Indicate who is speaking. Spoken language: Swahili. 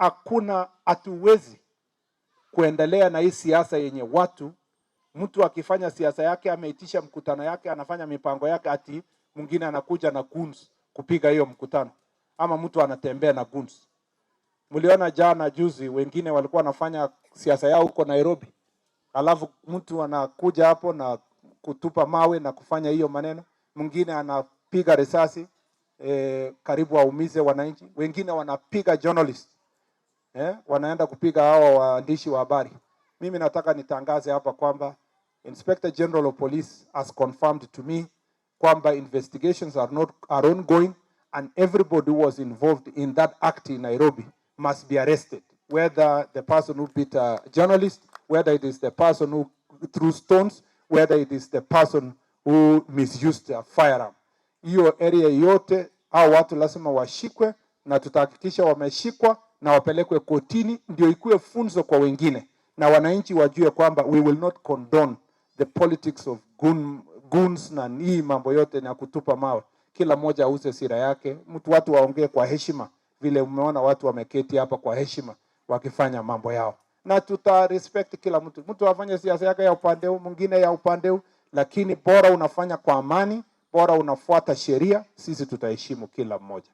Speaker 1: hakuna, hatuwezi kuendelea na hii siasa yenye watu mtu akifanya siasa yake, ameitisha mkutano yake, anafanya mipango yake, ati mwingine anakuja na guns kupiga hiyo mkutano, ama mtu anatembea na guns. Mliona jana juzi, wengine walikuwa wanafanya siasa yao huko Nairobi, alafu mtu anakuja hapo na kutupa mawe na kufanya hiyo maneno, mwingine anapiga risasi e, karibu aumize wananchi, wengine wanapiga journalists eh, wanaenda kupiga hawa waandishi wa habari. Mimi nataka nitangaze hapa kwamba Inspector General of Police has confirmed to me kwamba investigations are not are ongoing and everybody who was involved in that act in Nairobi must be arrested whether the person who beat a journalist whether it is the person who threw stones whether it is the person who misused a firearm. Hiyo area yote hao watu lazima washikwe na tutahakikisha wameshikwa na wapelekwe kotini, ndio ikuwe funzo kwa wengine na wananchi wajue kwamba we will not condone the politics of gun, guns na nii mambo yote na kutupa mawe. Kila mmoja auze sira yake, mtu watu waongee kwa heshima, vile umeona watu wameketi hapa kwa heshima wakifanya mambo yao, na tuta respect kila mtu. Mtu afanye siasa yake ya upande huu, mwingine ya upande huu, lakini bora unafanya kwa amani, bora unafuata sheria, sisi tutaheshimu kila mmoja.